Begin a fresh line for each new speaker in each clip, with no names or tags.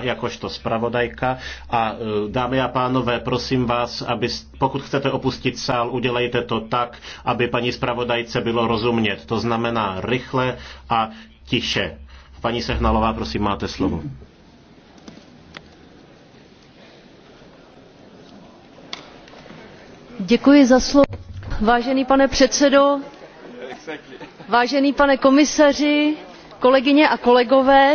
jakožto zpravodajka. A e, dámy a pánové, prosím vás, aby, pokud chcete opustit sál, udělejte to tak, aby paní zpravodajce bylo rozumět. To znamená rychle a tiše. Paní Sehnalová, prosím, máte slovo.
Děkuji za slovo. Vážený pane předsedo, vážený pane komisaři, kolegyně a kolegové,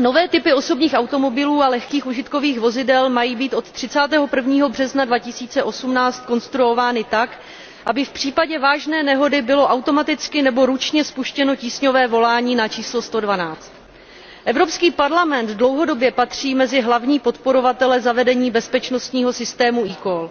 nové typy osobních automobilů a lehkých užitkových vozidel mají být od. thirty one března two thousand and eighteen konstruovány tak aby v případě vážné nehody bylo automaticky nebo ručně spuštěno tísňové volání na číslo. one hundred and twelve evropský parlament dlouhodobě patří mezi hlavní podporovatele zavedení bezpečnostního systému ecall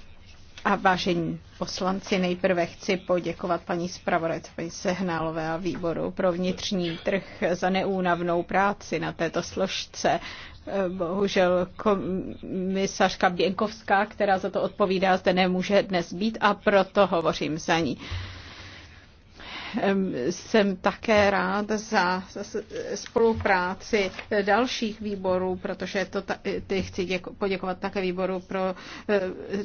A vážení poslanci, nejprve chci poděkovat paní zpravodajce, paní Sehnálové a výboru pro vnitřní trh za neúnavnou práci na této složce. Bohužel komisařka Běnkovská, která za to odpovídá, zde nemůže dnes být a proto hovořím za ní jsem také rád za spolupráci dalších výborů, protože to ty chci děko, poděkovat také výboru pro eh,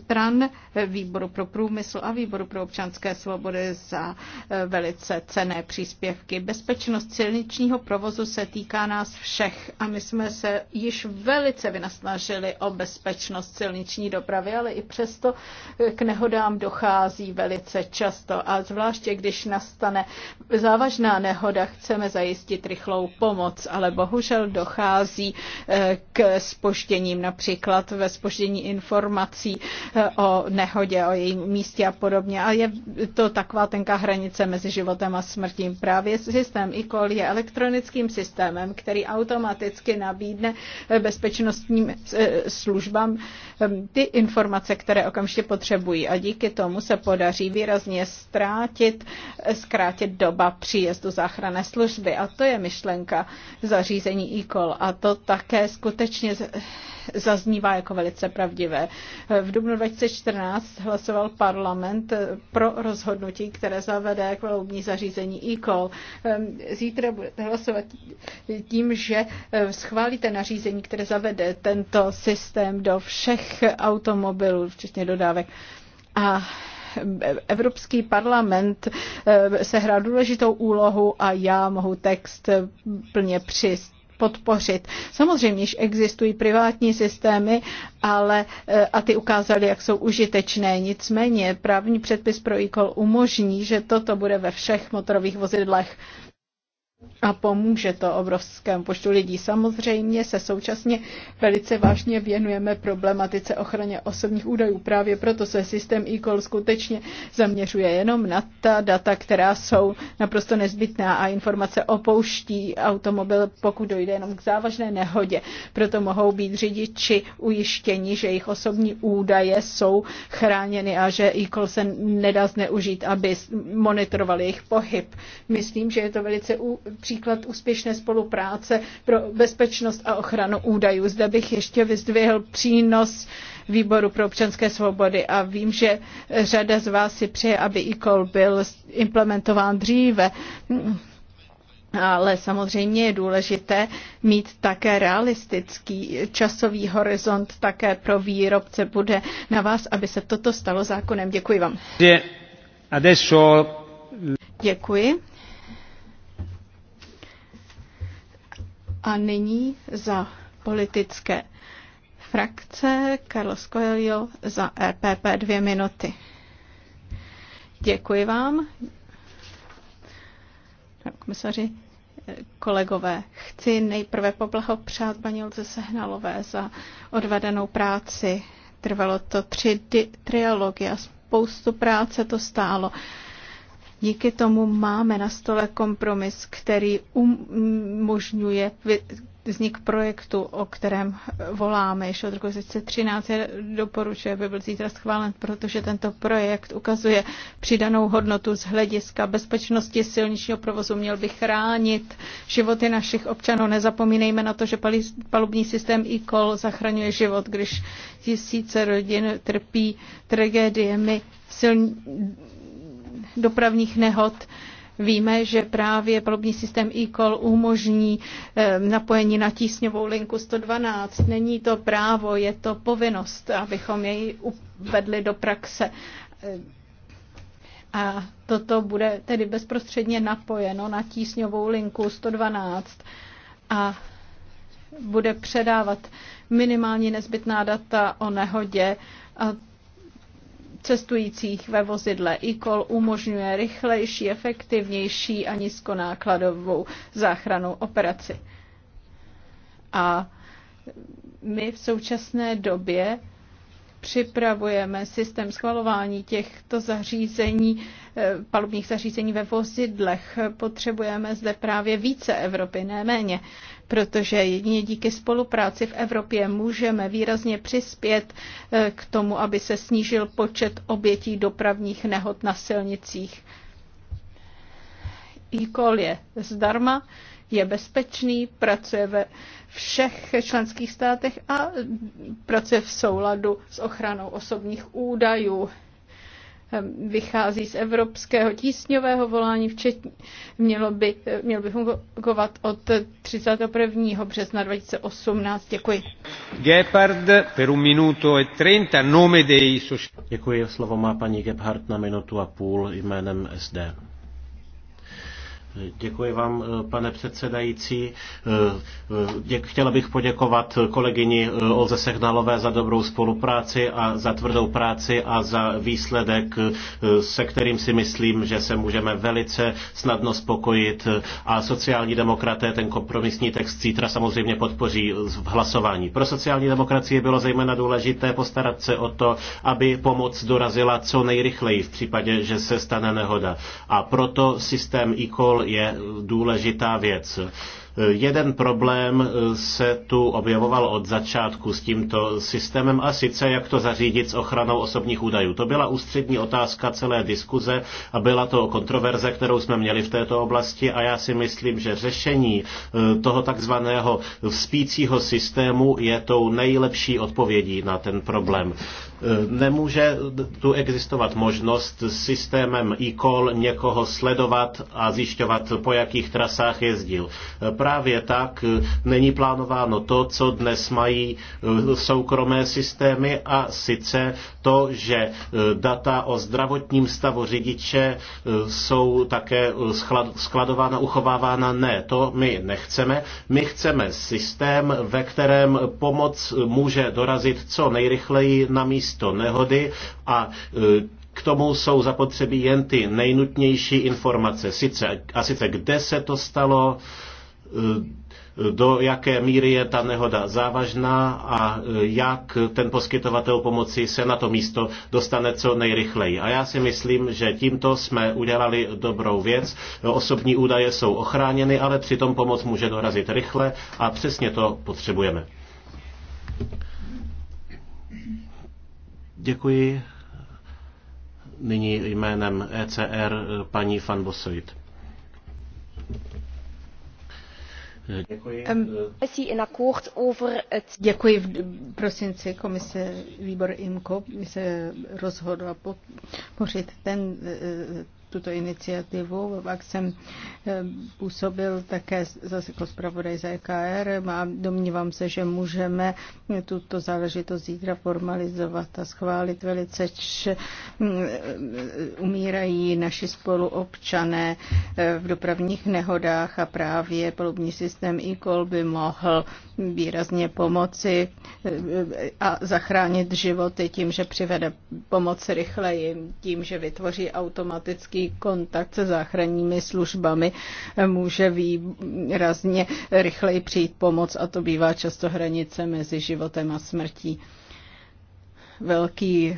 TRAN, výboru pro průmysl a výboru pro občanské svobody za eh, velice cené příspěvky. Bezpečnost silničního provozu se týká nás všech a my jsme se již velice vynasnažili o bezpečnost silniční dopravy, ale i přesto eh, k nehodám dochází velice často a zvláště když nastane stane závažná nehoda, chceme zajistit rychlou pomoc, ale bohužel dochází eh, k spoštěním, například ve spoštění informací eh, o nehodě, o jejím místě a podobně. A je to taková tenká hranice mezi životem a smrtím. Právě systém e je elektronickým systémem, který automaticky nabídne eh, bezpečnostním službám ty informace, které okamžitě potřebují. A díky tomu se podaří výrazně ztrátit, zkrátit zkrátit doba příjezdu záchranné služby. A to je myšlenka zařízení e-call. A to také skutečně zaznívá jako velice pravdivé. V dubnu 2014 hlasoval parlament pro rozhodnutí, které zavede kloubní zařízení e-call. Ehm, zítra budete hlasovat tím, že ehm, schválíte nařízení, které zavede tento systém do všech automobilů, včetně dodávek. A Evropský parlament se eh, sehrál důležitou úlohu a já mohu text eh, plně přist podpořit. Samozřejmě, že existují privátní systémy, ale eh, a ty ukázaly, jak jsou užitečné. Nicméně právní předpis pro e umožní, že toto bude ve všech motorových vozidlech a pomůže to obrovskému počtu lidí. Samozřejmě se současně velice vážně věnujeme problematice ochraně osobních údajů. Právě proto se systém e skutečně zaměřuje jenom na ta data, která jsou naprosto nezbytná a informace opouští automobil, pokud dojde jenom k závažné nehodě. Proto mohou být řidiči ujištěni, že jejich osobní údaje jsou chráněny a že e se nedá zneužít, aby monitoroval jejich pohyb. Myslím, že je to velice příklad úspěšné spolupráce pro bezpečnost a ochranu údajů. Zde bych ještě vyzdvihl přínos výboru pro občanské svobody a vím, že řada z vás si přeje, aby e-call byl implementován dříve. Ale samozřejmě je důležité mít také realistický časový horizont také pro výrobce. Bude na vás, aby se toto stalo zákonem. Děkuji vám. Děkuji. A nyní za politické frakce Carlos Coelho za EPP dvě minuty. Děkuji vám. Komisaři, kolegové, chci nejprve poblahopřát paní Olze Sehnalové za odvedenou práci. Trvalo to tři di- trialogy a spoustu práce to stálo. Díky tomu máme na stole kompromis, který umožňuje vznik projektu, o kterém voláme ještě od roku 2013. Je doporučuji, aby byl zítra schválen, protože tento projekt ukazuje přidanou hodnotu z hlediska bezpečnosti silničního provozu. Měl by chránit životy našich občanů. Nezapomínejme na to, že palubní systém e-call zachraňuje život, když tisíce rodin trpí tragédiemi silní dopravních nehod. Víme, že právě palubní systém e-call umožní eh, napojení na tísňovou linku 112. Není to právo, je to povinnost, abychom jej uvedli do praxe. Eh, a toto bude tedy bezprostředně napojeno na tísňovou linku 112 a bude předávat minimálně nezbytná data o nehodě. A cestujících ve vozidle. E-call umožňuje rychlejší, efektivnější a nízkonákladovou záchranou operaci. A my v současné době připravujeme systém schvalování těchto zařízení, eh, palubních zařízení ve vozidlech. Potřebujeme zde právě více Evropy, ne méně protože jedině díky spolupráci v Evropě můžeme výrazně přispět eh, k tomu, aby se snížil počet obětí dopravních nehod na silnicích. E-call je zdarma, je bezpečný, pracuje ve všech členských státech a pracuje v souladu s ochranou osobních údajů vychází z evropského tísňového volání, včetně mělo by, mělo by fungovat od 31. března 2018. Děkuji.
Gepard per un minuto e
trenta nome dei Děkuji, slovo má paní Gebhardt na minutu a půl jménem SD. Děkuji vám, eh, pane předsedající. Eh, eh, chtěla bych poděkovat kolegyni Olze Sehnalové za dobrou spolupráci a za tvrdou práci a za výsledek, se kterým si myslím, že se můžeme velice snadno spokojit a sociální demokraté ten kompromisní text zítra samozřejmě podpoří v hlasování. Pro sociální demokracii bylo zejména důležité postarat se o to, aby pomoc dorazila co nejrychleji v případě, že se stane nehoda. A proto systém e je důležitá věc. Jeden problém se tu objevoval od začátku s tímto systémem a sice jak to zařídit s ochranou osobních údajů. To byla ústřední otázka celé diskuze a byla to kontroverze, kterou jsme měli v této oblasti a já si myslím, že řešení eh, toho takzvaného spícího systému je tou nejlepší odpovědí na ten problém. Nemůže tu existovat možnost systémem e-call někoho sledovat a zjišťovat, po jakých trasách jezdil. Právě tak není plánováno to, co dnes mají eh, soukromé systémy a sice to, že eh, data o zdravotním stavu řidiče eh, jsou také skladována, uchovávána. Ne, to my nechceme. My chceme systém, ve kterém pomoc může dorazit co nejrychleji na místě místo nehody a e, k tomu jsou zapotřebí jen ty nejnutnější informace. Sice, a sice kde se to stalo, e, do jaké míry je ta nehoda závažná a e, jak ten poskytovatel pomoci se na to místo dostane co nejrychleji. A já si myslím, že tímto jsme udělali dobrou věc. Osobní údaje jsou ochráněny, ale přitom pomoc může dorazit rychle a přesně to potřebujeme. Děkuji. Nyní jménem ECR paní Van Bosoit. Děkuji.
Děkuji. V prosinci komise výbor IMCO se rozhodla podpořit ten e, tuto iniciativu. Pak jsem eh, působil také zase jako zpravodaj za EKR a domnívám se, že můžeme tuto záležitost zítra formalizovat a schválit velice, že eh, umírají naši spoluobčané eh, v dopravních nehodách a právě polubní systém e by mohl výrazně pomoci a zachránit životy tím, že přivede pomoc rychleji, tím, že vytvoří automatický Úzký kontakt se záchranními službami může výrazně rychleji přijít pomoc a to bývá často hranice mezi životem a smrtí. Velký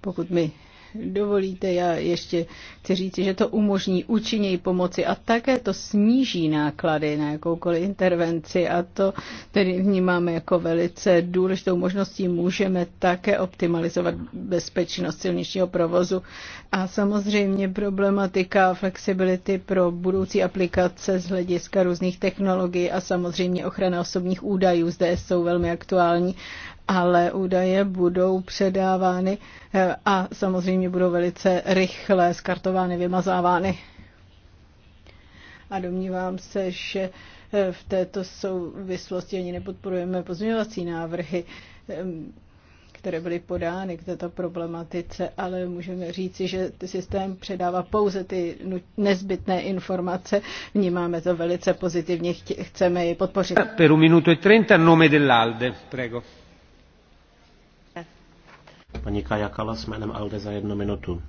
pokud mi dovolíte, já ještě chci říct, že to umožní účinněji pomoci a také to sníží náklady na jakoukoliv intervenci a to tedy vnímáme jako velice důležitou možností. Můžeme také optimalizovat bezpečnost silničního provozu a samozřejmě problematika flexibility pro budoucí aplikace z hlediska různých technologií a samozřejmě ochrana osobních údajů zde jsou velmi aktuální ale údaje budou předávány eh, a samozřejmě budou velice rychle skartovány, vymazávány. A domnívám se, že eh, v této souvislosti ani nepodporujeme pozměňovací návrhy, ehm, které byly podány k této problematice, ale můžeme říci, že systém předává pouze ty nezbytné informace. Vnímáme to velice pozitivně, chceme je podpořit.
Per un minuto e trenta nome dell'Alde, prego
paní Kajakala s jménem Alde za jednu minutu.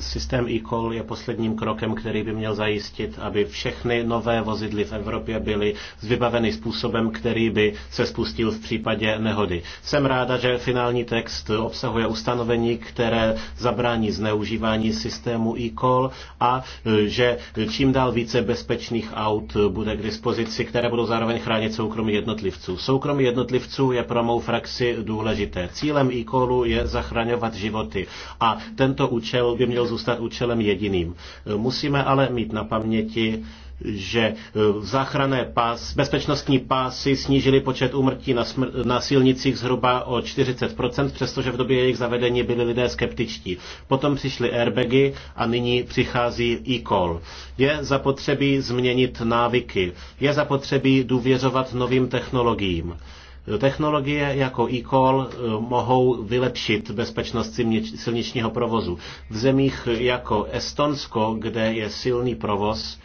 Systém e-call je posledním krokem, který by měl zajistit, aby všechny nové vozidly v Evropě byly vybaveny způsobem, který by se spustil v případě nehody. Jsem ráda, že finální text obsahuje ustanovení, které zabrání zneužívání systému e-call a že čím dál více bezpečných aut bude k dispozici, které budou zároveň chránit soukromí jednotlivců. Soukromí jednotlivců je pro mou frakci důležité. Cílem e-callu je zachraňovat životy a tento účel by měl měl zůstat účelem jediným. Musíme ale mít na paměti, že e, záchranné pás, bezpečnostní pásy snížily počet úmrtí na, smr- na silnicích zhruba o 40%, přestože v době jejich zavedení byli lidé skeptičtí. Potom přišly airbagy a nyní přichází e-call. Je zapotřebí změnit návyky, je zapotřebí důvěřovat novým technologiím. Technologie jako e-call e, mohou vylepšit bezpečnost silničního provozu. V zemích jako Estonsko, kde je silný provoz,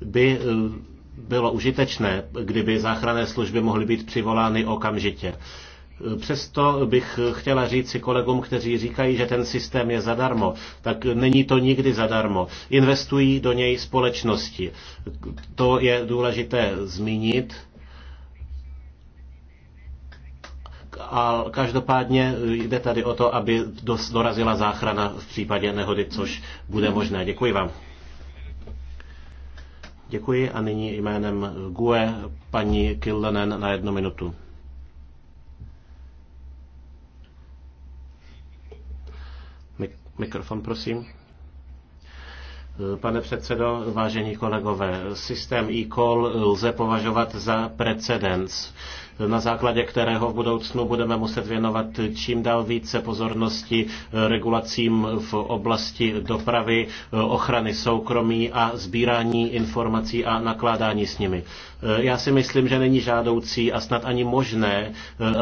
by e, bylo užitečné, kdyby záchranné služby mohly být přivolány okamžitě. E, přesto bych chtěla říct si kolegům, kteří říkají, že ten systém je zadarmo, tak není to nikdy zadarmo. Investují do něj společnosti. To je důležité zmínit a každopádně jde tady o to, aby dorazila záchrana v případě nehody, což bude možné. Děkuji vám. Děkuji a nyní jménem GUE paní Killenen na jednu minutu. Mikrofon, prosím. Pane předsedo, vážení kolegové, systém e-call lze považovat za precedens na základě kterého v budoucnu budeme muset věnovat čím dál více pozornosti eh, regulacím v oblasti dopravy, eh, ochrany soukromí a sbírání informací a nakládání s nimi. Eh, já si myslím, že není žádoucí a snad ani možné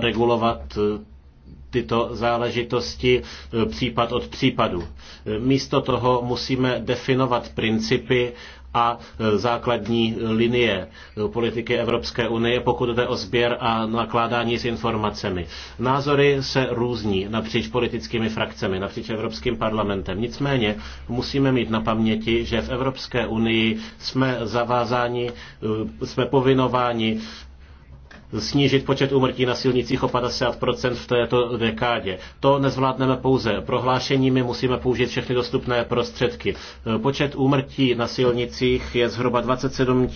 regulovat tyto záležitosti případ od případu. Místo toho musíme definovat principy, a e, základní linie politiky Evropské unie, pokud jde o sběr a nakládání s informacemi. Názory se různí napříč politickými frakcemi, napříč Evropským parlamentem. Nicméně musíme mít na paměti, že v Evropské unii jsme zavázáni, e, jsme povinováni snížit počet úmrtí na silnicích o 50% v této dekádě. To nezvládneme pouze prohlášeními, musíme použít všechny dostupné prostředky. E, počet úmrtí na silnicích je zhruba 27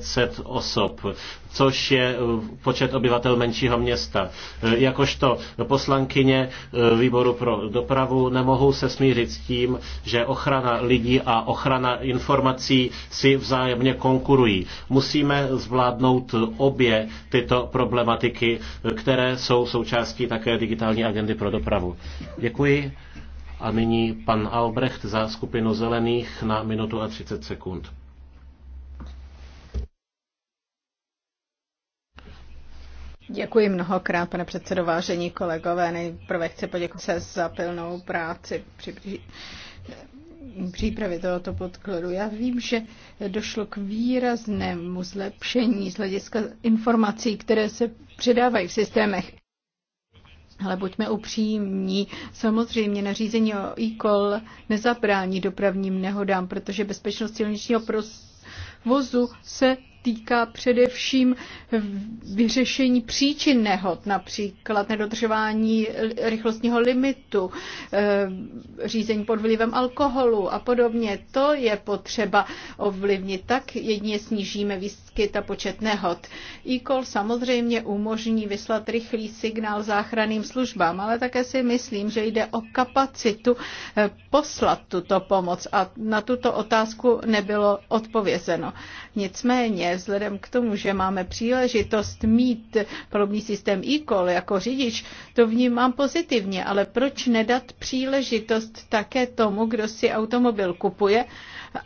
500 osob což je eh, počet obyvatel menšího města. Eh, jakožto poslankyně eh, výboru pro dopravu nemohou se smířit s tím, že ochrana lidí a ochrana informací si vzájemně konkurují. Musíme zvládnout obě tyto problematiky, které jsou součástí také digitální agendy pro dopravu. Děkuji. A nyní pan Albrecht za skupinu zelených na minutu a 30 sekund.
Děkuji mnohokrát, pane předsedo, vážení kolegové. Nejprve chci poděkovat se za pilnou práci při přípravě tohoto podkladu. Já vím, že došlo k výraznému zlepšení z hlediska informací, které se předávají v systémech. Ale buďme upřímní, samozřejmě nařízení o e-call nezabrání dopravním nehodám, protože bezpečnost silničního prostředí vozu se týká především vyřešení příčin nehod, například nedodržování rychlostního limitu, eh, řízení pod vlivem alkoholu a podobně. To je potřeba ovlivnit. Tak jedině snížíme výsledky výskyt a počet nehod. E-call samozřejmě umožní vyslat rychlý signál záchranným službám, ale také si myslím, že jde o kapacitu eh, poslat tuto pomoc a na tuto otázku nebylo odpovězeno. Nicméně, vzhledem k tomu, že máme příležitost mít podobný systém e-call jako řidič, to vnímám pozitivně, ale proč nedat příležitost také tomu, kdo si automobil kupuje,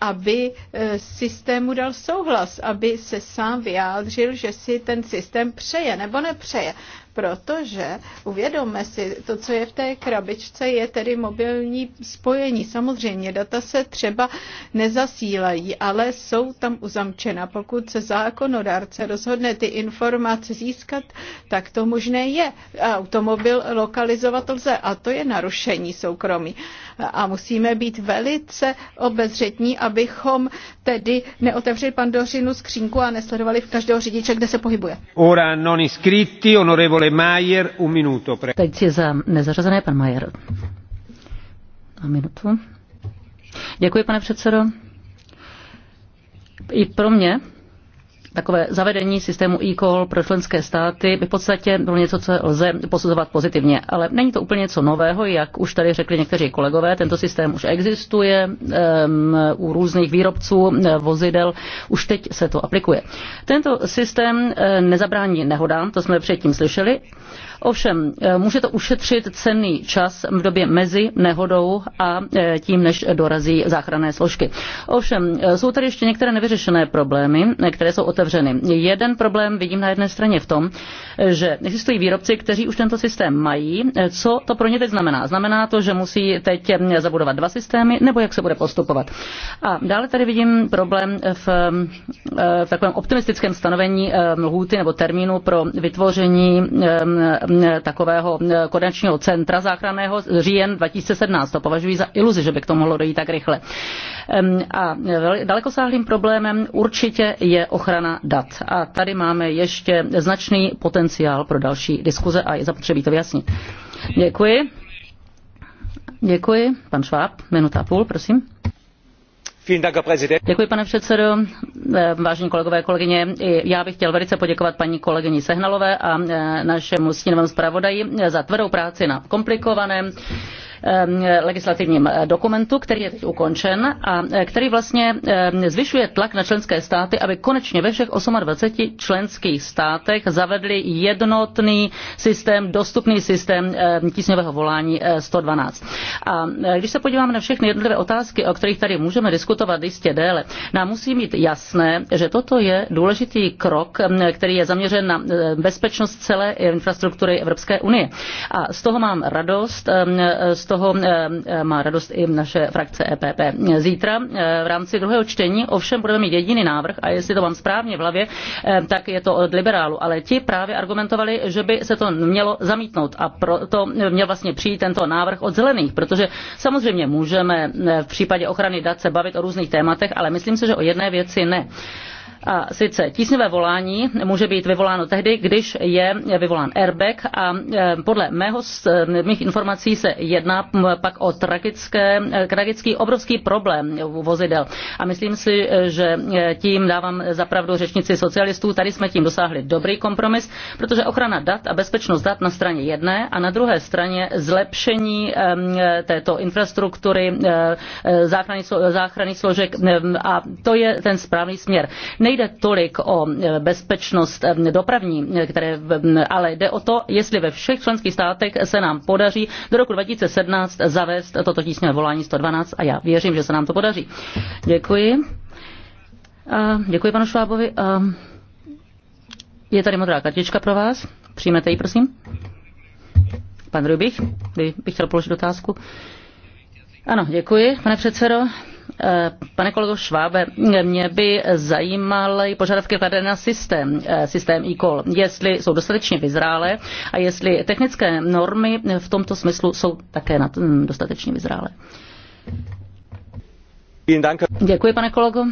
aby eh, systému dal souhlas, aby se sám vyjádřil, že si ten systém přeje nebo nepřeje protože uvědomme si, to, co je v té krabičce, je tedy mobilní spojení. Samozřejmě data se třeba nezasílají, ale jsou tam uzamčena. Pokud se zákonodárce rozhodne ty informace získat, tak to možné je. Automobil lokalizovat lze a to je narušení soukromí. A musíme být velice obezřetní, abychom tedy neotevřeli pandořinu skřínku a nesledovali v každého řidiče, kde se pohybuje.
Ora non iscritti, onorevole Mayer, un minuto. Pre... Teď
je za nezařazené pan Mayer. A minutu. Děkuji, pane předsedo. I pro mě takové zavedení systému e-call pro členské státy by v podstatě bylo něco, co lze posuzovat pozitivně. Ale není to úplně něco nového, jak už tady řekli někteří kolegové. Tento systém už existuje um, u různých výrobců vozidel. Už teď se to aplikuje. Tento systém nezabrání nehodám, to jsme předtím slyšeli Ovšem, eh, může to ušetřit cenný čas v době mezi nehodou a eh, tím, než dorazí záchranné složky. Ovšem, eh, jsou tady ještě některé nevyřešené problémy, které jsou otevřeny. Jeden problém vidím na jedné straně v tom, že existují výrobci, kteří už tento systém mají. Co to pro ně teď znamená? Znamená to, že musí teď zabudovat dva systémy, nebo jak se bude postupovat. A dále tady vidím problém v, v takovém optimistickém stanovení lhůty nebo termínu pro vytvoření takového konečního centra záchranného říjen 2017. To považuji za iluzi, že by k tomu mohlo dojít tak rychle. A dalekosáhlým problémem určitě je ochrana dat. A tady máme ještě značný potenciál pro další diskuze a je zapotřebí to vyjasnit. Děkuji. Děkuji. Pan Šváb, minuta a půl, prosím. Děkuji, pane předsedající eh, Vážení kolegové, kolegyně, já bych chtěl velice poděkovat paní kolegyni Sehnalové a eh, našemu stínovému zpravodaji za tvrdou práci na komplikovaném Ehm, legislativním eh, dokumentu, který je teď ukončen a eh, který vlastně ehm, zvyšuje tlak na členské státy, aby konečně ve všech 28 členských státech zavedli jednotný systém, dostupný systém ehm, tísňového volání 112. Eh, a když se podíváme na všechny jednotlivé otázky, o kterých tady můžeme diskutovat jistě déle, nám musí mít jasné, že toto je důležitý krok, který je zaměřen na bezpečnost celé infrastruktury Evropské unie. A z toho mám radost, z toho eh, eh, má radost i naše frakce EPP. Zítra eh, v rámci druhého čtení ovšem budeme mít jediný návrh a jestli to mám správně v hlavě, tak je to od liberálu, ale ti právě argumentovali, že by se to mělo zamítnout a proto měl vlastně přijít tento návrh od zelených, protože samozřejmě můžeme v případě ochrany dat se bavit o různých tématech, ale myslím si, že o jedné věci ne. A sice tísňové volání může být vyvoláno tehdy, když je vyvolán airbag a e, podle mého, e, mých informací se jedná pak o tragické, e, tragický obrovský problém u vozidel. A myslím si, že tím dávám zapravdu řečnici socialistů. Tady jsme tím dosáhli dobrý kompromis, protože ochrana dat a bezpečnost dat na straně jedné a na druhé straně zlepšení této infrastruktury záchranných složek a to je ten správný směr. Ne nejde tolik o e, bezpečnost e, dopravní, e, které, ale jde o to, jestli ve všech členských státech se nám podaří do roku 2017 zavést toto tísňové volání 112 a já věřím, že se nám to podaří. Děkuji. A děkuji panu Švábovi. A je tady modrá kartička pro vás. Přijmete ji, prosím. Pan Rubich, kdybych bych chtěl položit otázku. Ano, děkuji, pane předsedo. Eh, pane kolego Švábe, mě by zajímaly požadavky kladené na systém, eh, systém e-call, jestli jsou dostatečně vyzrálé a jestli technické normy v tomto smyslu jsou také mm, dostatečně vyzrálé. Děkuji, pane kolego.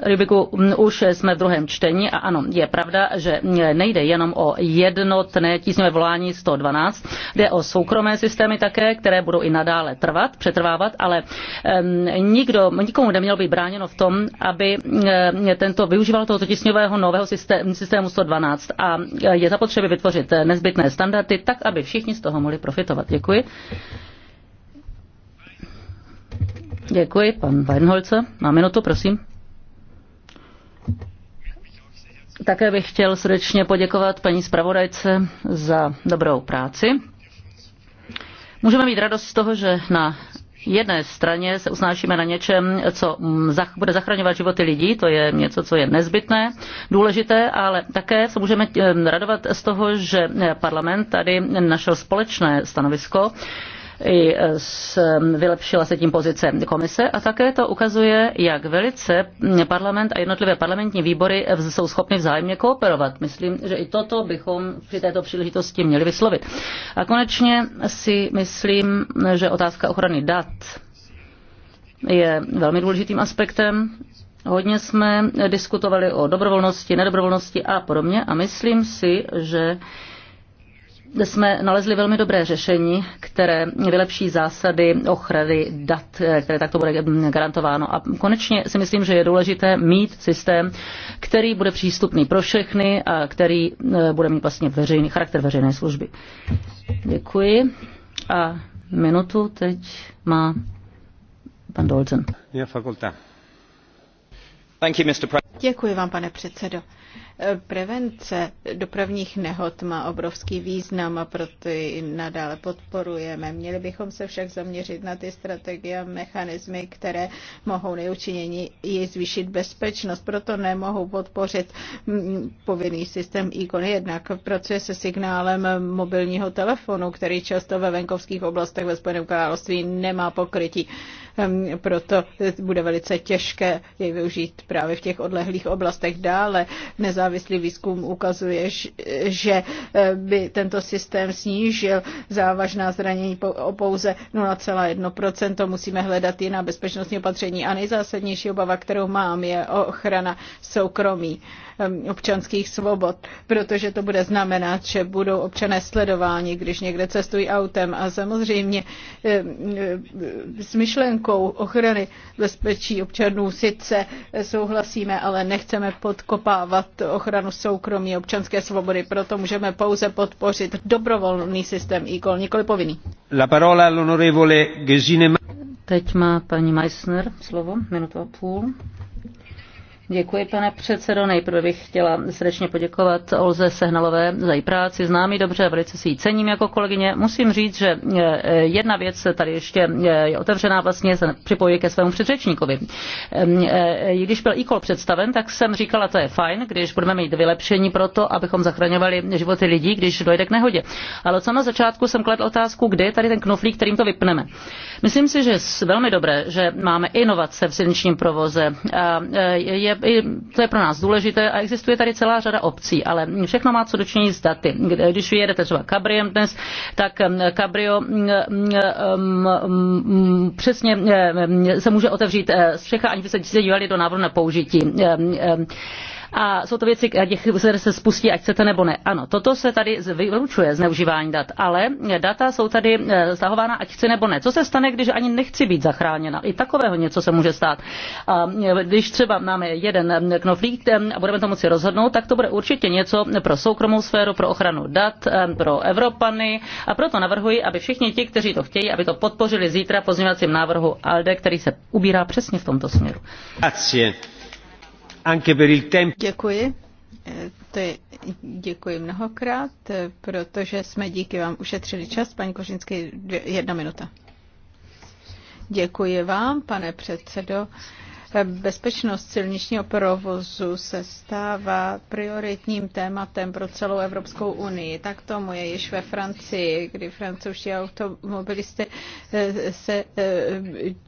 Rybiku, mm, už jsme v druhém čtení a ano, je pravda, že nejde jenom o jednotné tísňové volání 112, jde o soukromé systémy také, které budou i nadále trvat, přetrvávat, ale nikdo, nikomu nemělo být bráněno v tom, aby tento využíval tohoto tísňového nového systému, systému 112 a je zapotřebí vytvořit nezbytné standardy tak, aby všichni z toho mohli profitovat. Děkuji. Děkuji, pan Weinholzer. Má minutu, prosím. Také bych chtěl srdečně poděkovat paní zpravodajce za dobrou práci. Můžeme mít radost z toho, že na jedné straně se usnášíme na něčem, co bude zachraňovat životy lidí, to je něco, co je nezbytné, důležité, ale také se můžeme eh, radovat z toho, že eh, parlament tady našel společné stanovisko, i e, vylepšila se tím pozice komise a také to ukazuje, jak velice parlament a jednotlivé parlamentní výbory jsou schopny vzájemně kooperovat. Myslím, že i toto bychom při této příležitosti měli vyslovit. A konečně si myslím, že otázka ochrany dat je velmi důležitým aspektem. Hodně jsme diskutovali o dobrovolnosti, nedobrovolnosti a podobně a myslím si, že jsme nalezli velmi dobré řešení, které vylepší zásady ochrany dat, které takto bude mm, garantováno. A konečně si myslím, že je důležité mít systém, který bude přístupný pro všechny a který e, bude mít vlastně veřejný, charakter veřejné služby. Děkuji. A minutu teď má
pan Dolzen.
Děkuji vám, pane předsedo. Prevence dopravních nehod má obrovský význam a proto ji nadále podporujeme. Měli bychom se však zaměřit na ty strategie a mechanismy, které mohou neučinění ji zvýšit bezpečnost. Proto nemohu podpořit mm, povinný systém ICON. Jednak pracuje se signálem mobilního telefonu, který často ve venkovských oblastech ve Spojeném království nemá pokrytí. Ehm, proto bude velice těžké jej využít právě v těch odlehlých oblastech dále. Nezá nezávislý výzkum ukazuje, že eh, by tento systém snížil závažná zranění o pouze 0,1%. To musíme hledat jiná bezpečnostní opatření. A nejzásadnější obava, kterou mám, je ochrana soukromí. Um, občanských svobod, protože to bude znamenat, že budou občané sledováni, když někde cestují autem a samozřejmě um, um, s myšlenkou ochrany bezpečí občanů sice souhlasíme, ale nechceme podkopávat ochranu soukromí občanské svobody, proto můžeme pouze podpořit dobrovolný systém e-call, nikoli povinný.
La parola all'onorevole Gesine Teď má paní Meissner
slovo,
minutu a půl. Děkuji, pane předsedo. Nejprve bych chtěla srdečně poděkovat Olze Sehnalové za její práci. Znám ji dobře, velice si ji cením jako kolegyně. Musím říct, že eh, jedna věc tady ještě eh, je otevřená, vlastně se připojuji ke svému předřečníkovi. Ehm, eh, když byl e představen, tak jsem říkala, to je fajn, když budeme mít vylepšení pro to, abychom zachraňovali životy lidí, když dojde k nehodě. Ale co na začátku jsem kladl otázku, kde je tady ten knoflík, kterým to vypneme. Myslím si, že je velmi dobré, že máme inovace v silničním provoze. E, je, je, to je pro nás důležité a existuje tady celá řada obcí, ale všechno má co dočinit s daty. Když vyjedete třeba kabriem dnes, tak kabrio e, přesně e, se může otevřít střecha, aniž by se dívali do návrhu na použití a jsou to věci, těch se spustí, ať chcete nebo ne. Ano, toto se tady vylučuje zneužívání dat, ale data jsou tady stahována, eh, ať chci nebo ne. Co se stane, když ani nechci být zachráněna? I takového něco se může stát. A eh, když třeba máme jeden eh, knoflík a budeme to moci rozhodnout, tak to bude určitě něco pro soukromou sféru, pro ochranu dat, pro Evropany a proto navrhuji, aby všichni ti, kteří to chtějí, aby to podpořili zítra pozměňovacím návrhu ALDE, který se
ubírá přesně v tomto směru. Grazie. Děkuji.
To je, děkuji mnohokrát, protože jsme díky vám ušetřili čas. Paní Kožinsky, jedna minuta. Děkuji vám, pane předsedo. Bezpečnost silničního provozu se stává prioritním tématem pro celou Evropskou unii. Tak tomu je již ve Francii, kdy francouzští automobilisté eh, se eh,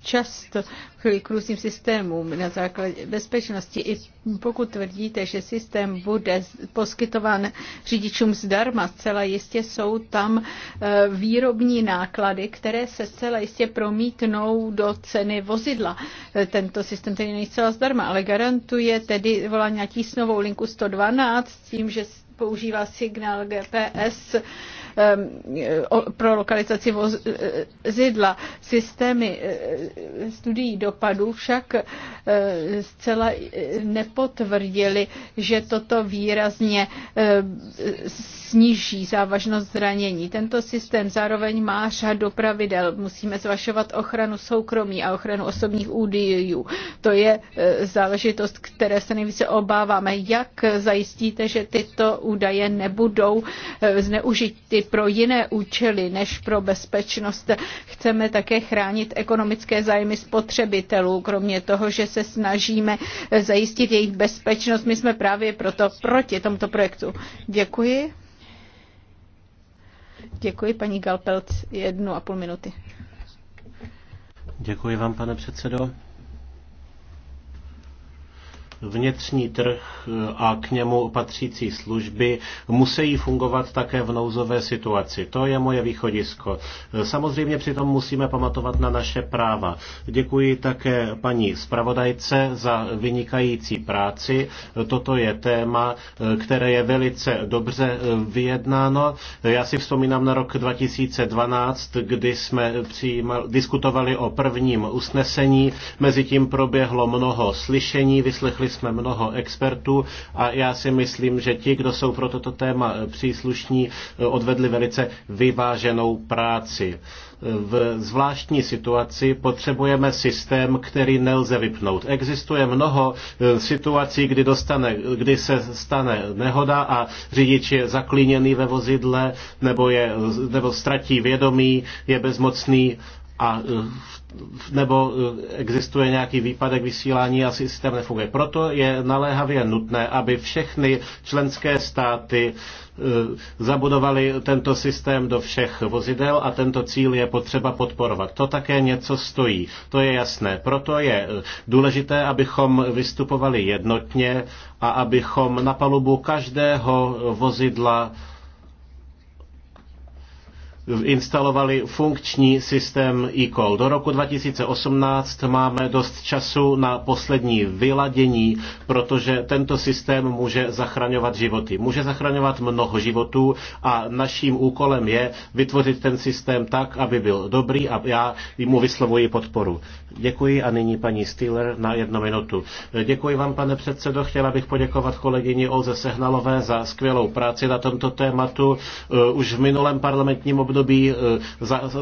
často chvíli k různým systémům na základě bezpečnosti. I pokud tvrdíte, že systém bude poskytován řidičům zdarma, zcela jistě jsou tam eh, výrobní náklady, které se zcela jistě promítnou do ceny vozidla. Tento systém tedy nejcela zdarma, ale garantuje tedy volání na tísnovou linku 112 s tím, že používá signál GPS ehm, pro lokalizaci vozidla. Systémy eh, studií dopadů však eh, zcela eh, nepotvrdili, že toto výrazně sníží závažnost zranění. Tento systém zároveň má řadu pravidel. Musíme zvažovat ochranu soukromí a ochranu osobních údajů. To je e, záležitost, které se nejvíce obáváme. Jak zajistíte, že tyto údaje nebudou e, zneužity pro jiné účely než pro bezpečnost? Chceme také chránit ekonomické zájmy spotřebitelů, kromě toho, že se snažíme e, zajistit jejich bezpečnost. My jsme právě proto proti tomuto projektu. Děkuji. Děkuji, paní Galpelc, jednu a půl minuty.
Děkuji vám, pane předsedo. Vnitřní trh eh, a k němu patřící služby musí fungovat také v nouzové situaci. To je moje východisko. Eh, samozřejmě přitom musíme pamatovat na naše práva. Děkuji také paní zpravodajce za vynikající práci. Toto je téma, eh, které je velice dobře vyjednáno. Já si vzpomínám na rok 2012, kdy jsme přijímal, diskutovali o prvním usnesení. Mezitím proběhlo mnoho slyšení, vyslechli Měli jsme mnoho expertů a já si myslím, že ti, kdo jsou pro toto téma eh, příslušní, eh, odvedli velice vyváženou práci. V zvláštní situaci potřebujeme systém, který nelze vypnout. Existuje mnoho eh, situací, kdy, dostane, kdy se stane nehoda a řidič je zaklíněný ve vozidle nebo, je, nebo ztratí vědomí, je bezmocný a e, nebo e, existuje nějaký výpadek vysílání a systém nefunguje. Proto je naléhavě nutné, aby všechny členské státy e, zabudovali tento systém do všech vozidel a tento cíl je potřeba podporovat. To také něco stojí, to je jasné. Proto je důležité, abychom vystupovali jednotně a abychom na palubu každého vozidla instalovali funkční systém e-call. Do roku 2018 máme dost času na poslední vyladění, protože tento systém může zachraňovat životy. Může zachraňovat mnoho životů a naším úkolem je vytvořit ten systém tak, aby byl dobrý a já mu vyslovuji podporu. Děkuji a nyní paní Steeler na jednu minutu. Děkuji vám, pane předsedo. Chtěla bych poděkovat kolegyni Olze Sehnalové za skvělou práci na tomto tématu. Už v minulém parlamentním období období eh,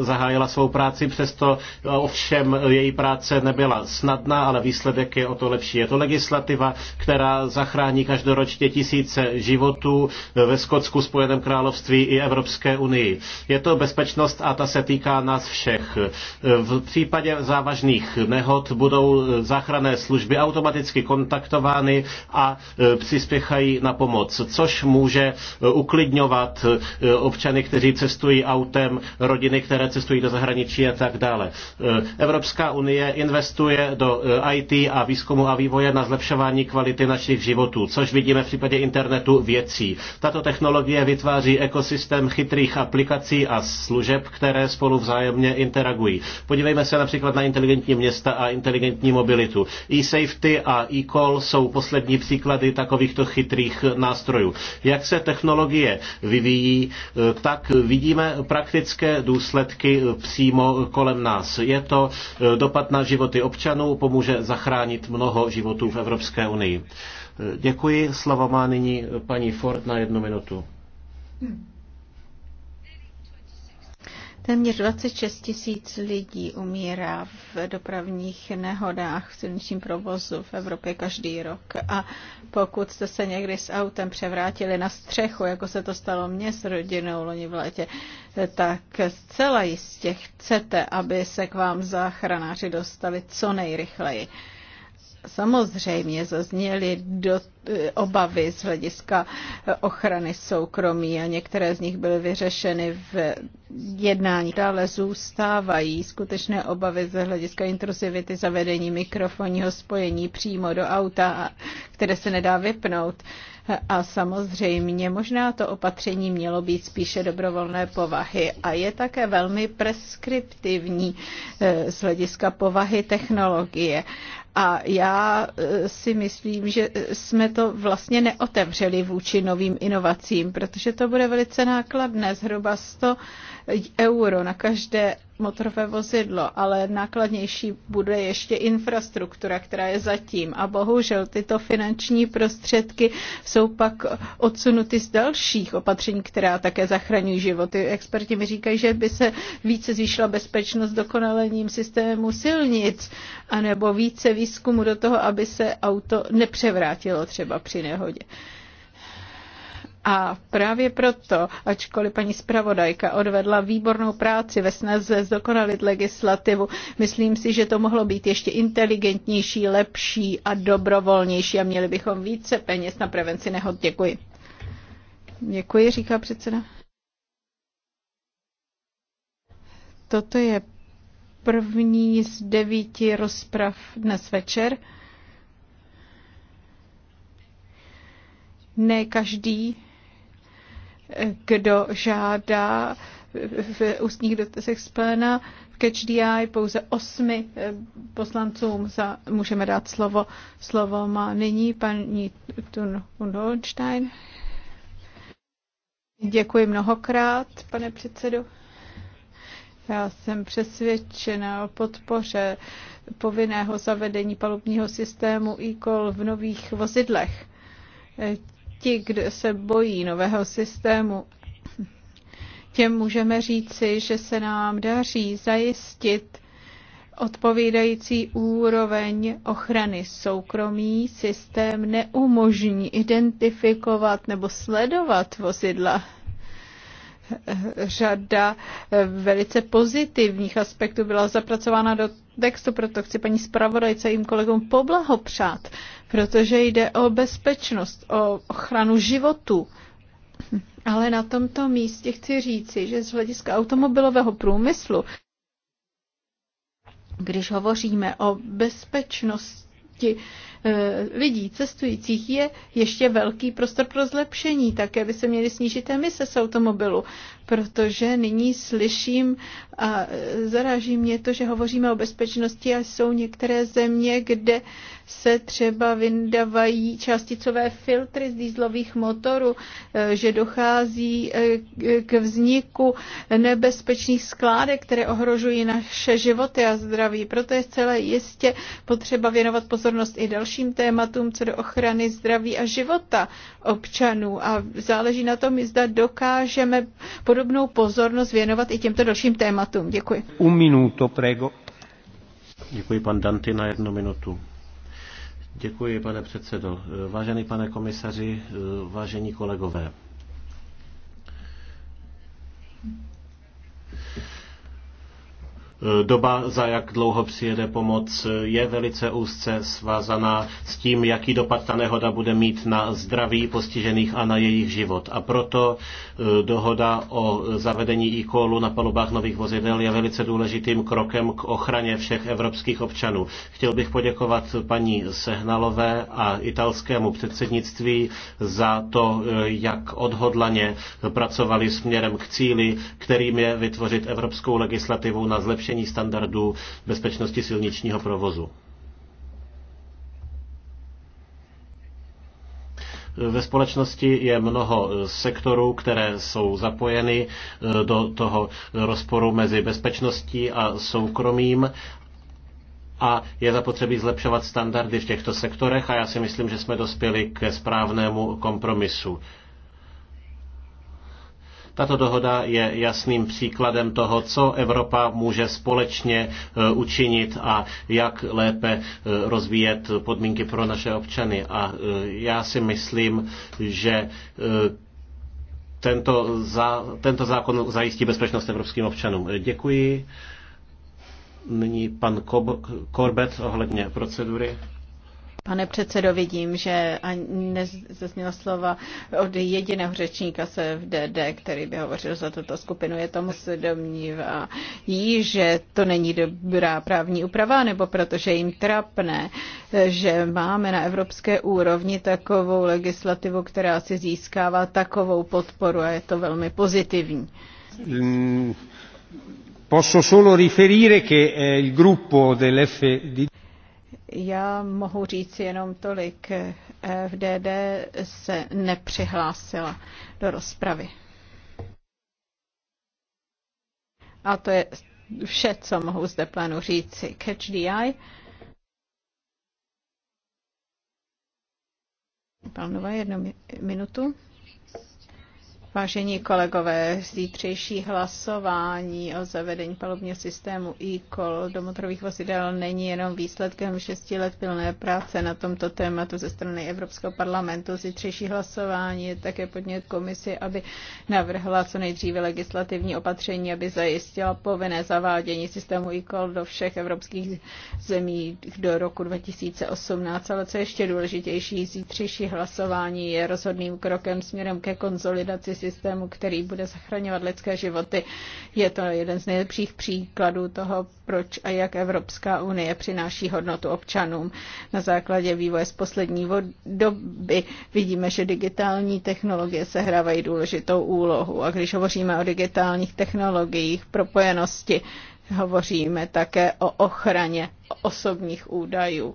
zahájila svou práci, přesto eh, ovšem její práce nebyla snadná, ale výsledek je o to lepší. Je to legislativa, která zachrání každoročně tisíce životů eh, ve Skotsku, Spojeném království i Evropské unii. Je to bezpečnost a ta se týká nás všech. V případě závažných nehod budou záchranné služby automaticky kontaktovány a přispěchají na pomoc, což může uklidňovat občany, kteří cestují autem autem, rodiny, které cestují do zahraničí a tak dále. E, Evropská unie investuje do e, IT a výzkumu a vývoje na zlepšování kvality našich životů, což vidíme v případě internetu věcí. Tato technologie vytváří ekosystém chytrých aplikací a služeb, které spolu vzájemně interagují. Podívejme se například na inteligentní města a inteligentní mobilitu. E-safety a e-call jsou poslední příklady takovýchto chytrých nástrojů. Jak se technologie vyvíjí, e, tak vidíme praktické důsledky e, přímo kolem nás. Je to e, dopad na životy občanů, pomůže zachránit mnoho životů v Evropské unii. E, děkuji, slovo má nyní paní Ford na jednu minutu.
Hmm. Téměř 26 tisíc lidí umírá v dopravních nehodách v silničním provozu v Evropě každý rok. A pokud jste se někdy s autem převrátili na střechu, jako se to stalo mně s rodinou loni v létě, tak zcela jistě chcete, aby se k vám záchranáři dostali co nejrychleji. Samozřejmě zazněly do, obavy z hlediska ochrany soukromí a některé z nich byly vyřešeny v jednání. Dále zůstávají skutečné obavy z hlediska intrusivity zavedení mikrofonního spojení přímo do auta, které se nedá vypnout. A samozřejmě možná to opatření mělo být spíše dobrovolné povahy a je také velmi preskriptivní eh, z hlediska povahy technologie. A já e, si myslím, že jsme to vlastně neotevřeli vůči novým inovacím, protože to bude velice nákladné, zhruba 100 euro na každé motorové vozidlo, ale nákladnější bude ještě infrastruktura, která je zatím. A bohužel tyto finanční prostředky jsou pak odsunuty z dalších opatření, která také zachraňují životy. Experti mi říkají, že by se více zvýšila bezpečnost dokonalením systému silnic, anebo více výzkumu do toho, aby se auto nepřevrátilo třeba při nehodě. A právě proto, ačkoliv paní zpravodajka odvedla výbornou práci ve snaze zdokonalit legislativu, myslím si, že to mohlo být ještě inteligentnější, lepší a dobrovolnější a měli bychom více peněz na prevenci nehod. Děkuji. Děkuji, říká předseda. Toto je první z devíti rozprav dnes večer. Ne každý kdo žádá v ústních dotazech z pléna. V Catch DI pouze osmi eh, poslancům za, můžeme dát slovo. Slovo má nyní paní Tun Děkuji mnohokrát, pane předsedu. Já jsem přesvědčena o podpoře povinného zavedení palubního systému e v nových vozidlech ti, kdo se bojí nového systému, těm můžeme říci, že se nám daří zajistit odpovídající úroveň ochrany soukromí. Systém neumožní identifikovat nebo sledovat vozidla řada eh, velice pozitivních aspektů byla zapracována do textu, proto chci paní zpravodajce jim kolegům poblahopřát, protože jde o bezpečnost, o ochranu životu. Ale na tomto místě chci říci, že z hlediska automobilového průmyslu, když hovoříme o bezpečnosti, ti eh, lidí cestujících je ještě velký prostor pro zlepšení. Také by se měly snížit emise z automobilu, protože nyní slyším a eh, zaráží mě to, že hovoříme o bezpečnosti a jsou některé země, kde uh, se třeba vyndavají částicové filtry z dýzlových motorů, eh, že dochází eh, k vzniku nebezpečných skládek, které ohrožují naše životy a zdraví. Proto je celé jistě potřeba věnovat pozornost i dalším tématům, co do ochrany zdraví a života občanů. A záleží na tom, zda dokážeme podobnou pozornost věnovat i těmto dalším tématům. Děkuji.
Un minuto, prego. Děkuji, pan Danty, na jednu minutu. Děkuji, pane předsedo. Vážený pane komisaři, vážení kolegové. Eh, doba, za jak dlouho přijede pomoc, eh, je velice úzce svázaná s tím, jaký dopad ta nehoda bude mít na zdraví postižených a na jejich život. A proto eh, dohoda o zavedení e-callu na palubách nových vozidel je velice důležitým krokem k ochraně všech evropských občanů. Chtěl bych poděkovat paní Sehnalové a italskému předsednictví za to, jak odhodlaně pracovali směrem k cíli, kterým je vytvořit evropskou legislativu na zlepšení zlepšení standardů bezpečnosti silničního provozu. Ve společnosti je mnoho sektorů, které jsou zapojeny eh, do toho rozporu mezi bezpečností a soukromím a je zapotřebí zlepšovat standardy v těchto sektorech a já si myslím, že jsme dospěli ke správnému kompromisu. Tato dohoda je jasným příkladem toho, co Evropa může společně e, učinit a jak lépe e, rozvíjet podmínky pro naše občany. A e, já si myslím, že tento, za, tento zákon zajistí bezpečnost evropským občanům. Děkuji. Nyní pan Korbet ohledně procedury.
Pane předsedo, vidím, že nezaznělo slova od jediného řečníka se v DD, který by hovořil za tuto skupinu. Je tomu se domnívá jí, že to není dobrá právní úprava, nebo protože jim trapné, že máme na evropské úrovni takovou legislativu, která si získává takovou podporu a je to velmi pozitivní.
Hmm. Posso solo riferire che eh, il gruppo dell'FD
já mohu říct jenom tolik. FDD se nepřihlásila do rozpravy. A to je vše, co mohu zde plénu říci. Catch the eye. Pánové, jednu minutu. Vážení kolegové, zítřejší hlasování o zavedení palubního systému e-call do motorových vozidel není jenom výsledkem šesti let pilné práce na tomto tématu ze strany Evropského parlamentu. Zítřejší hlasování je také podnět komisi, aby navrhla co nejdříve legislativní opatření, aby zajistila povinné zavádění systému e-call do všech evropských zemí do roku 2018. Ale co ještě důležitější, zítřejší hlasování je rozhodným krokem směrem ke konzolidaci systému, který bude zachraňovat lidské životy. Je to jeden z nejlepších příkladů toho, proč a jak Evropská unie přináší hodnotu občanům. Na základě vývoje z poslední doby vidíme, že digitální technologie sehrávají důležitou úlohu. A když hovoříme o digitálních technologiích, propojenosti, hovoříme také o ochraně osobních údajů.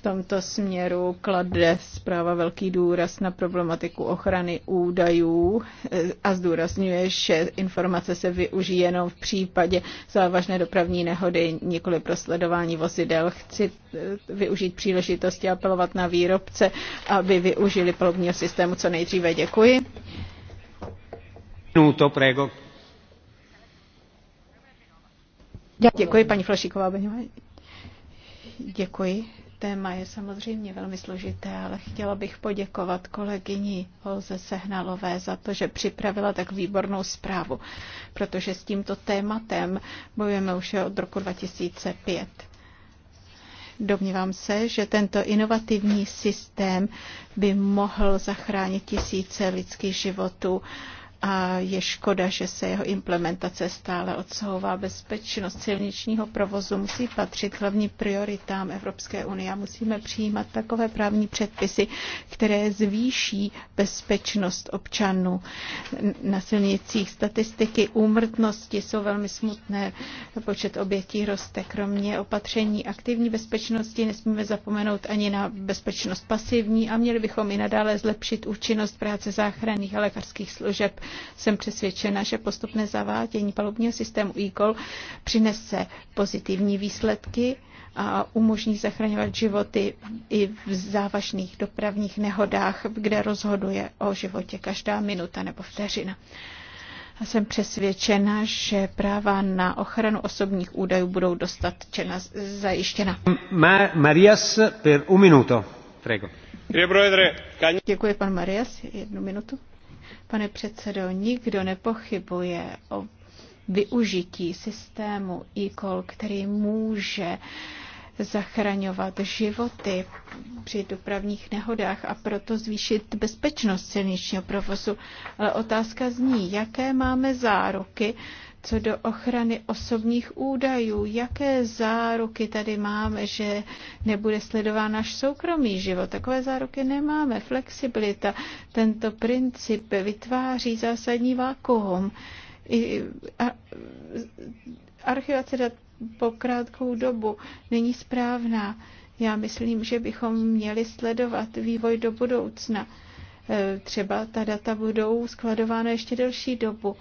V tomto směru klade zpráva velký důraz na problematiku ochrany údajů eh, a zdůrazňuje, že informace se využije jenom v případě závažné dopravní nehody, nikoli pro sledování vozidel. Chci eh, využít příležitosti a apelovat na výrobce, aby využili palubního systému co nejdříve. Děkuji.
Minuto, prego.
Děkuji, paní Flašíková. Děkuji. Téma je samozřejmě velmi složité, ale chtěla bych poděkovat kolegyni Holze Sehnalové za to, že připravila tak výbornou zprávu, protože s tímto tématem bojujeme už od roku 2005. Domnívám se, že tento inovativní systém by mohl zachránit tisíce lidských životů a je škoda, že se jeho implementace stále odsouvá. Bezpečnost silničního provozu musí patřit hlavní hlavním prioritám Evropské unie a musíme přijímat takové právní předpisy, které zvýší bezpečnost občanů na silnicích. Statistiky úmrtnosti jsou velmi smutné, počet obětí roste. Kromě opatření aktivní bezpečnosti nesmíme zapomenout ani na bezpečnost pasivní a měli bychom i nadále zlepšit účinnost práce záchranných a lékařských služeb jsem přesvědčena, že postupné zavádění palubního systému e přinese pozitivní výsledky a umožní zachraňovat životy i v závažných dopravních nehodách, kde rozhoduje o životě každá minuta nebo vteřina. A jsem přesvědčena, že práva na ochranu osobních údajů budou dostatčena, zajištěna.
Ma, Marias per un minuto. Prego.
Děkuji, pan Marias. Jednu minutu. Pane předsedo, nikdo nepochybuje o využití systému e-call, který může zachraňovat životy při dopravních nehodách a proto zvýšit bezpečnost silničního provozu. Ale otázka zní, jaké máme záruky, co do ochrany osobních údajů, jaké záruky tady máme, že nebude sledován náš soukromý život. Takové záruky nemáme. Flexibilita, tento princip vytváří zásadní vákuum. archivace dat po krátkou dobu není správná. Já myslím, že bychom měli sledovat vývoj do budoucna. E, třeba ta data budou skladována ještě delší dobu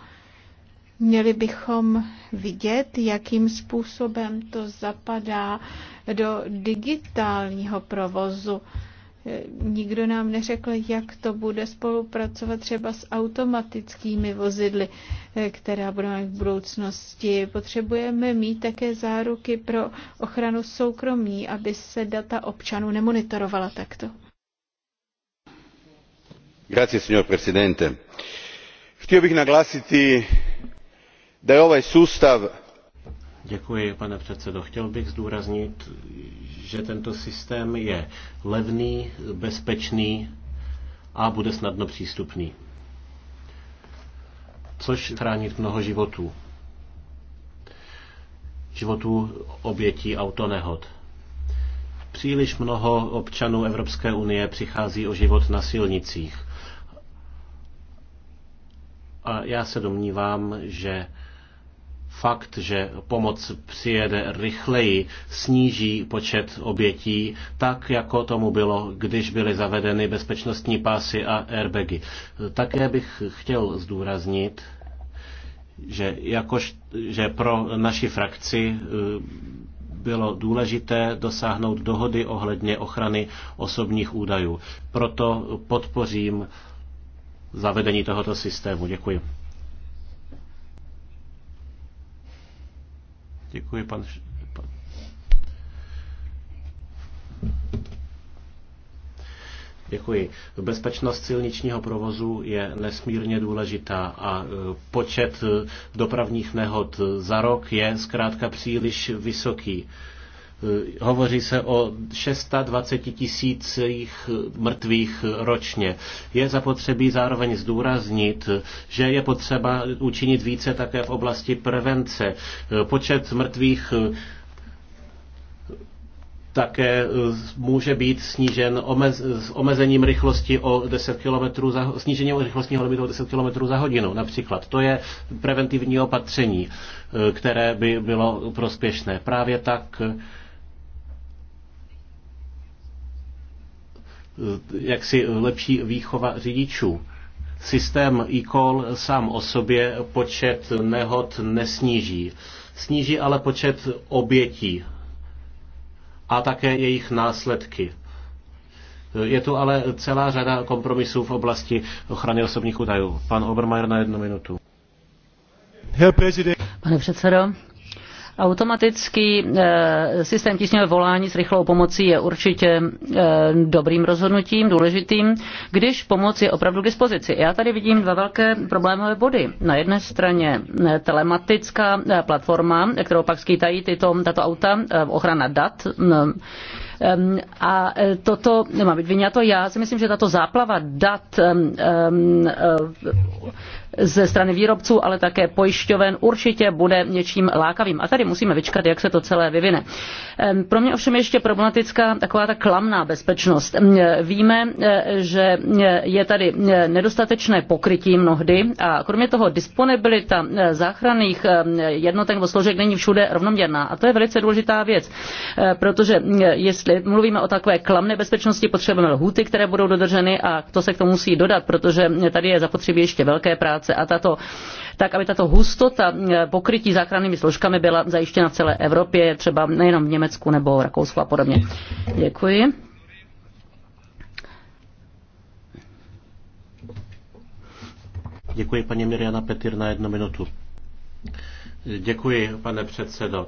Měli bychom vidět, jakým způsobem to zapadá do digitálního provozu. Nikdo nám neřekl, jak to bude spolupracovat třeba s automatickými vozidly, která budeme v budoucnosti. Potřebujeme mít také záruky pro ochranu soukromí, aby se data občanů nemonitorovala takto.
Grazie, signor Presidente. Chtěl bych naglásit da je ovaj sustav
Děkuji, pane předsedo. Chtěl bych zdůraznit, že tento systém je levný, bezpečný a bude snadno přístupný, což chránit mnoho životů. Životů obětí autonehod. Příliš mnoho občanů Evropské unie přichází o život na silnicích. A já se domnívám, že fakt, že pomoc přijede rychleji, sníží počet obětí, tak jako tomu bylo, když byly zavedeny bezpečnostní pásy a airbagy. Také bych chtěl zdůraznit, že, jakož, že pro naši frakci eh, bylo důležité dosáhnout dohody ohledně ochrany osobních údajů. Proto podpořím zavedení tohoto systému. Děkuji. Děkuji, pan... pan... Děkuji. Bezpečnost silničního provozu je nesmírně důležitá a e, počet e, dopravních nehod za rok je zkrátka příliš vysoký. Eh, hovoří se o 620 tisících mrtvých ročně. Je zapotřebí zároveň zdůraznit, že je potřeba učinit více také v oblasti prevence. Eh, počet mrtvých eh, také může být snížen omez, s omezením rychlosti o 10 km za, snížením rychlostního limitu o 10 km za hodinu například. To je preventivní opatření, které by bylo prospěšné. Právě tak jaksi lepší výchova řidičů. Systém e-call sám o sobě počet nehod nesníží. Sníží ale počet obětí a také jejich následky. Je tu ale celá řada kompromisů v oblasti ochrany osobních údajů. Pan Obermajer na jednu minutu.
Pane předsedo, Automatický eh, systém tísňového volání s rychlou pomocí je určitě eh, dobrým rozhodnutím, důležitým, když pomoc je opravdu k dispozici. Já tady vidím dva velké problémové body. Na jedné straně eh, telematická platforma, kterou pak skýtají tyto, tato auta, ochrana dat, mm, a toto má být vyňato. Já si myslím, že tato záplava dat ze strany výrobců, ale také pojišťoven určitě bude něčím lákavým. A tady musíme vyčkat, jak se to celé vyvine. Pro mě ovšem ještě problematická taková ta klamná bezpečnost. Víme, že je tady nedostatečné pokrytí mnohdy a kromě toho disponibilita záchranných jednotek nebo složek není všude rovnoměrná. A to je velice důležitá věc, protože jestli mluvíme o takové klamné bezpečnosti, potřebujeme lhůty, které budou dodrženy a to se k tomu musí dodat, protože tady je zapotřebí ještě velké práce práce a tato tak aby tato hustota eh, pokrytí záchrannými složkami byla zajištěna v celé Evropě, třeba nejenom v Německu nebo v Rakousku a podobně. Děkuji.
Děkuji paní Mirjana Petir na jednu minutu. Děkuji, pane předsedo.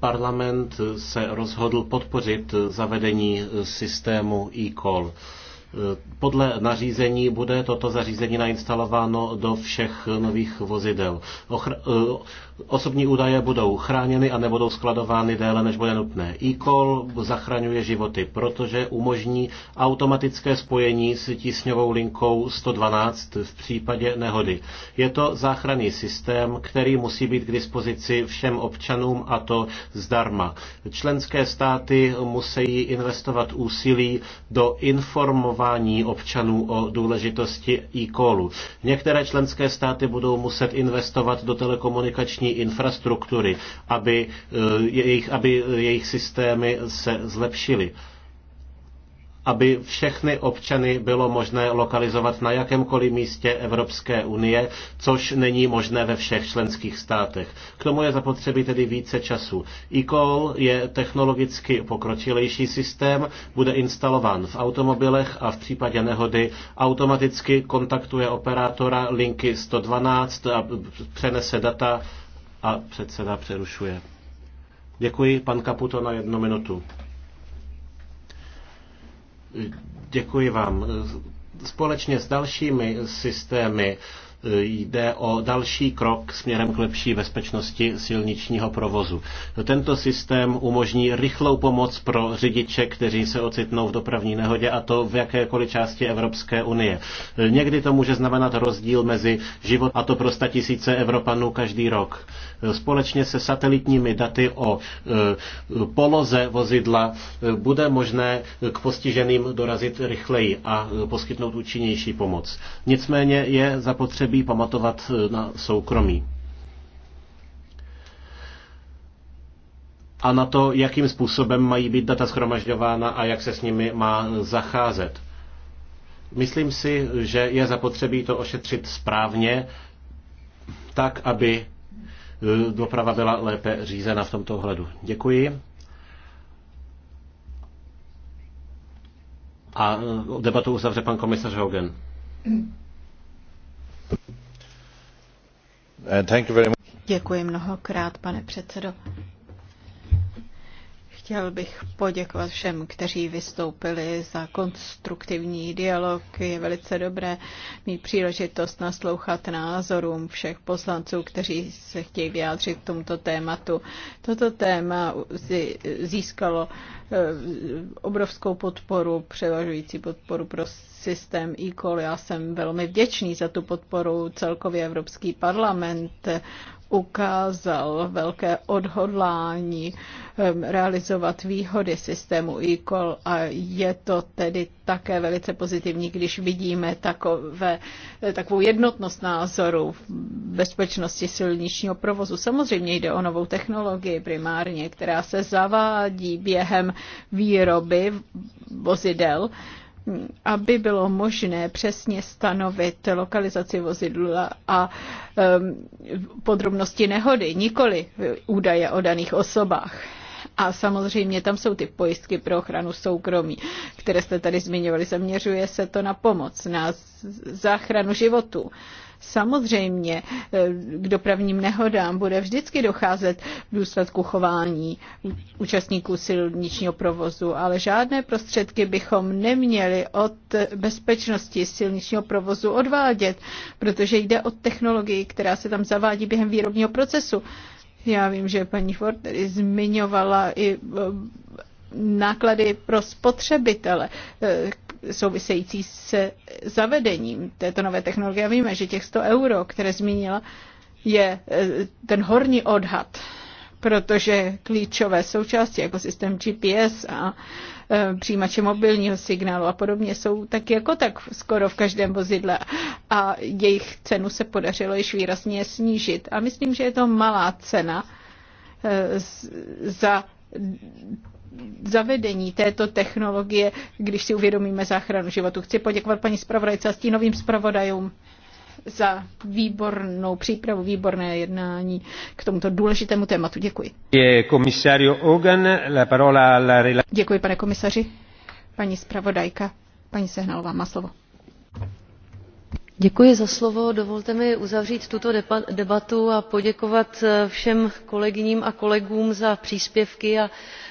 Parlament se rozhodl podpořit zavedení systému e-call. Eh, podle nařízení bude toto zařízení nainstalováno do všech nových vozidel. Ochr- eh, Osobní údaje budou chráněny a nebudou skladovány déle, než bude nutné. E-call zachraňuje životy, protože umožní automatické spojení s tísňovou linkou 112 v případě nehody. Je to záchranný systém, který musí být k dispozici všem občanům a to zdarma. Členské státy musí investovat úsilí do informování občanů o důležitosti e-callu. Některé členské státy budou muset investovat do telekomunikační finanční infrastruktury, aby eh, jejich, aby jejich systémy se zlepšily aby všechny občany bylo možné lokalizovat na jakémkoliv místě Evropské unie, což není možné ve všech členských státech. K tomu je zapotřebí tedy více času. eCall je technologicky pokročilejší systém, bude instalován v automobilech a v případě nehody automaticky kontaktuje operátora linky 112 a přenese data a předseda přerušuje. Děkuji, pan Kaputo, na jednu minutu. Děkuji vám. Společně s dalšími systémy jde o další krok směrem k lepší bezpečnosti silničního provozu. Tento systém umožní rychlou pomoc pro řidiče, kteří se ocitnou v dopravní nehodě a to v jakékoliv části Evropské unie. Někdy to může znamenat rozdíl mezi život a to pro tisíce Evropanů každý rok. Společně se satelitními daty o e, poloze vozidla e, bude možné k postiženým dorazit rychleji a e, poskytnout účinnější pomoc. Nicméně je zapotřebí zapotřebí pamatovat eh, na soukromí. A na to, jakým způsobem mají být data schromažďována a jak se s nimi má zacházet. Myslím si, že je zapotřebí to ošetřit správně, tak, aby eh, doprava byla lépe řízena v tomto ohledu. Děkuji. A eh, debatu uzavře pan komisař Hogan.
Děkuji mnohokrát, pane předsedo. Chtěl bych poděkovat všem, kteří vystoupili za konstruktivní dialog. Je velice dobré mít příležitost naslouchat názorům všech poslanců, kteří se chtějí vyjádřit k tomuto tématu. Toto téma získalo eh, obrovskou podporu, převažující podporu pro systém e-call. Já jsem velmi vděčný za tu podporu celkově Evropský parlament ukázal velké odhodlání ehm, realizovat výhody systému e a je to tedy také velice pozitivní, když vidíme takové, eh, takovou jednotnost názorů v bezpečnosti silničního provozu. Samozřejmě jde o novou technologii primárně, která se zavádí během výroby vozidel, aby bylo možné přesně stanovit lokalizaci vozidla a podrobnosti nehody, nikoli údaje o daných osobách. A samozřejmě tam jsou ty pojistky pro ochranu soukromí, které jste tady zmiňovali. Zaměřuje se to na pomoc, na záchranu životu. Samozřejmě eh, k dopravním nehodám bude vždycky docházet v důsledku chování účastníků silničního provozu, ale žádné prostředky bychom neměli od bezpečnosti silničního provozu odvádět, protože jde o technologii, která se tam zavádí během výrobního procesu. Já vím, že paní Ford tedy zmiňovala i eh, náklady pro spotřebitele, eh, související s zavedením této nové technologie. A víme, že těch 100 euro, které zmínila, je eh, ten horní odhad, protože klíčové součásti jako systém GPS a eh, přijímače mobilního signálu a podobně jsou tak jako tak skoro v každém vozidle a jejich cenu se podařilo již výrazně snížit. A myslím, že je to malá cena eh, za zavedení této technologie, když si uvědomíme záchranu životu. Chci poděkovat paní zpravodajce a stínovým zpravodajům za výbornou přípravu, výborné jednání k tomuto důležitému tématu. Děkuji.
Děkuji, pane komisaři.
Paní zpravodajka, paní Sehnalová má slovo. Děkuji za slovo. Dovolte mi uzavřít tuto debatu a poděkovat eh, všem kolegyním a kolegům za příspěvky a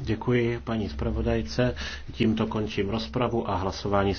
Děkuji paní zpravodajce. Tímto končím rozpravu a hlasování.